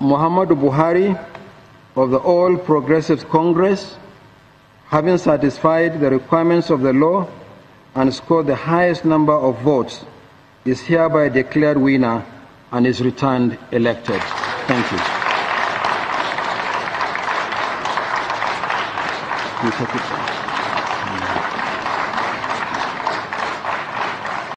Muhammadu Buhari of the All Progressive Congress, having satisfied the requirements of the law and scored the highest number of votes, is hereby declared winner and is returned elected. Thank you. Thank you.